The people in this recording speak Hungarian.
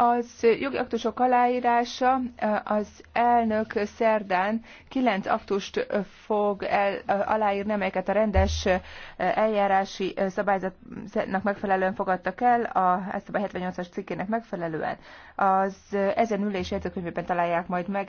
Az jogi aktusok aláírása eh, az elnök szerdán kilenc aktust eh, fog el, eh, aláírni, amelyeket a rendes eljárási szabályzatnak megfelelően fogadtak el, a, ezt a 78-as cikkének megfelelően. Az ezen ülés jegyzőkönyvében találják majd meg.